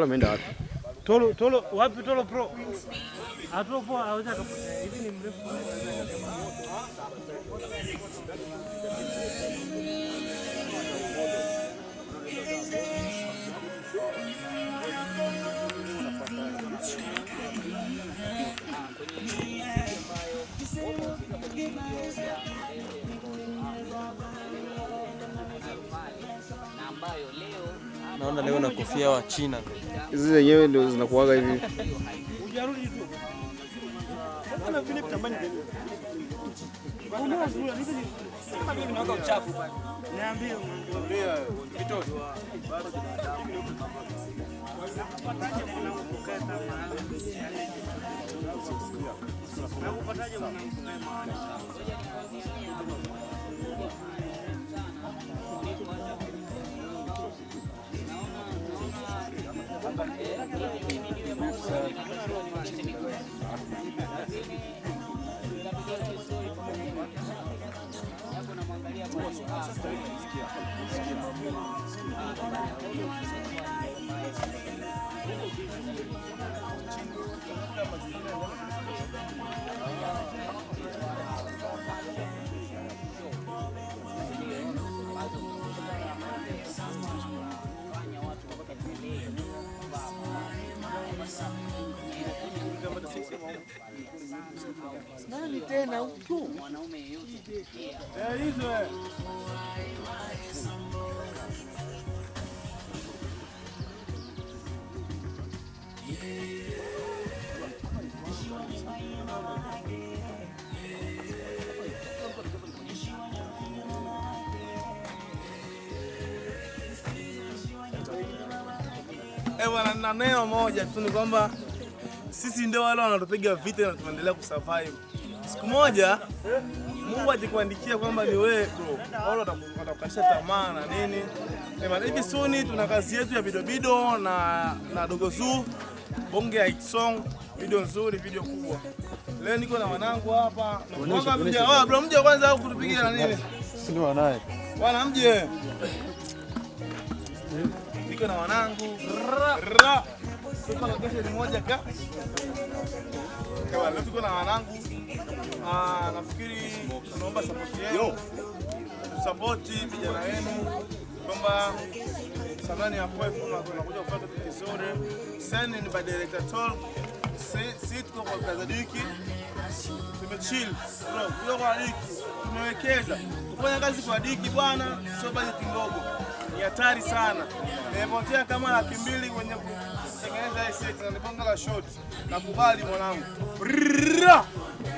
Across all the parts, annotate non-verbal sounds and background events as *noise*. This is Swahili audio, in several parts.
Tolo ameenda wapi? Tolo, Tolo wapi Tolo pro? Atolo ah, pro ah, hawezi akapotea. Hivi ni mrefu. Naona leo na kofia wa China hizi zenyewe ndio zinakuaga hivi. Nani eh, tena huku? Mwanaume na neno moja tu ni kwamba sisi ndio wale wanatupiga vita na tunaendelea kusurvive. Siku moja Mungu akikuandikia kwamba ni wewe bro, wale watakukatisha tamaa na nini. Hivi suni tuna kazi yetu ya bidobido na na dogo zoo bonge ya song, video nzuri, video kubwa. Leo niko na wanangu hapa. Mwanga mje, oh bro, mje kwanza kutupigia na nini? Sisi wanaye. Bwana mje. Niko na wanangu. Ra tuko na wanangu, ah, nafikiri tunaomba sapoti yenu, sapoti vijana wenu kwamba samani ya kwetu tunakuja kupata vizuri. Sasa ni by director talk, sisi tuko kwa kazi wiki, tumechill bro, tuko kwa wiki, tumewekeza kufanya kazi kwa diki bwana, sio bajeti ndogo ni hatari sana. Nimepotea kama laki mbili kwenye kutengeneza hii seti na nipanga la short. Nakubali mwanangu. Mwambie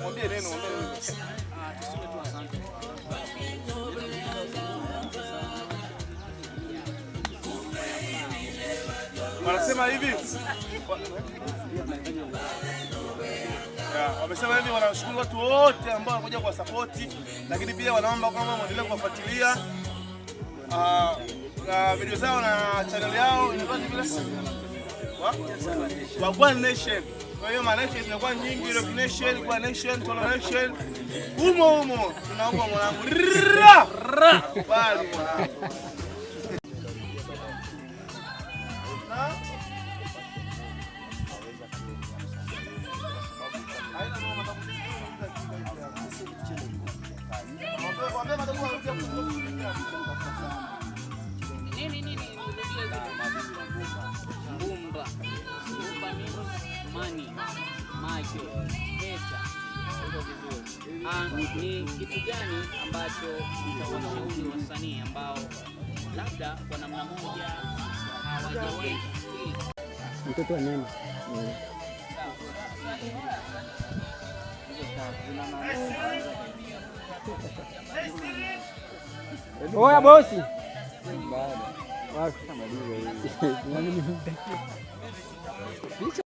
mwambie neno. Wanasema hivi. Wamesema hivi, wanashukuru watu wote ambao wanakuja kwa support, lakini pia wanaomba kwamba muendelee kuwafuatilia ah, video zao na channel yao wa Nation. Kwa hiyo yake zinakuwa nyingi, Nation, kwa Nation, Toleration, umo umo, tunaomba mwanangu, bali mwanangu ni kitu gani ambacho utawashauri wasanii ambao labda kwa namna moja hawajawahi mtoto wa nani? Mm. Oya bosi *laughs*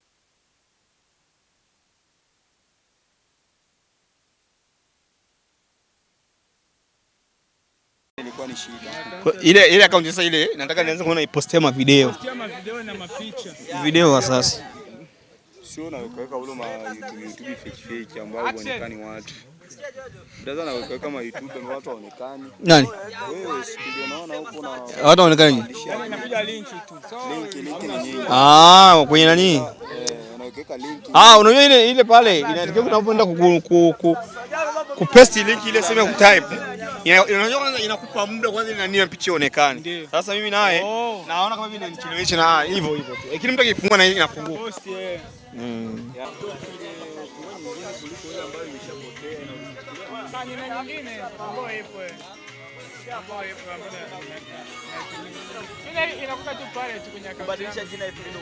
Ilikuwa ni shida. Ile ile account sasa ile nataka nianze kuona ipostia ma video. Ipostia ma video na mapicha. Video sasa. Sio na kuweka ule ma YouTube YouTube fake fake ambao huonekani watu. Brother na kuweka ma YouTube ambao watu haonekani. Nani? Wewe sikio naona huko na watu haonekani nini? Inakuja link tu. Link link ni nini? Ah, kwenye nani? Eh, ah, unajua ile ile pale inatakiwa unapoenda ku ku ku paste link ile sema ku type inakupa muda kwanza na nia picha ionekane. Sasa mimi naye oh. naona kama vile nanichelewesha na hivyo hivyo tu. Lakini mtu akifungua na inafunguka. Oh, eh. Mm. yeah. Eh. jina ipo ndio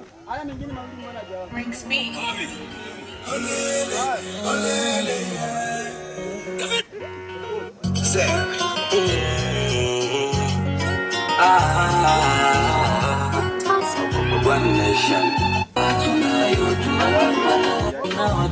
Haya mengine mawili mwana jao. Brings me. One nation. Tunayotuna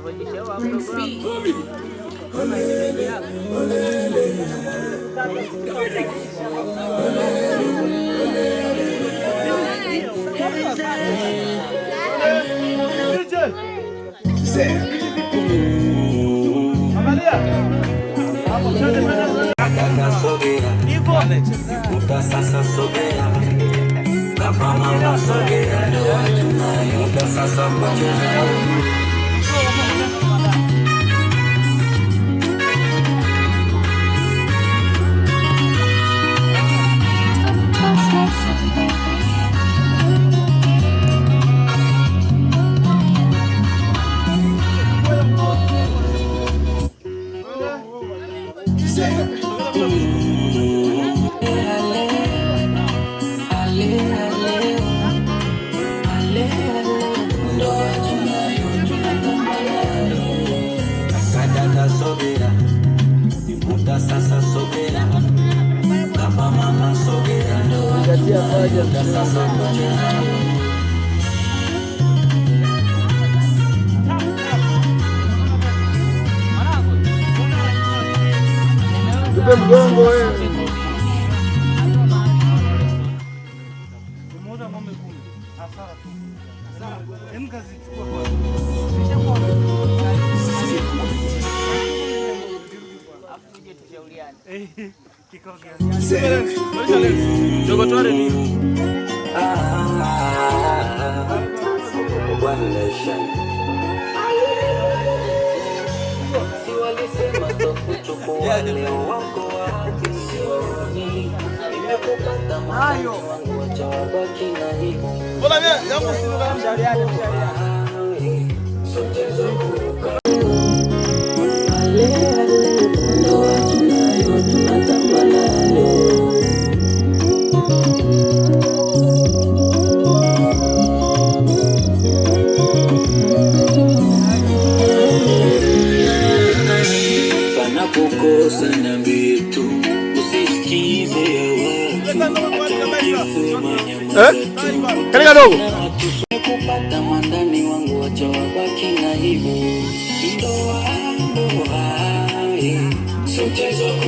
vou te chamar pro Cagada sobeira, se puta sassa moja moja tupe mgongo wewe leo wako wapi? Nimekupata moyo wangu, wacha wabaki na hilo. some days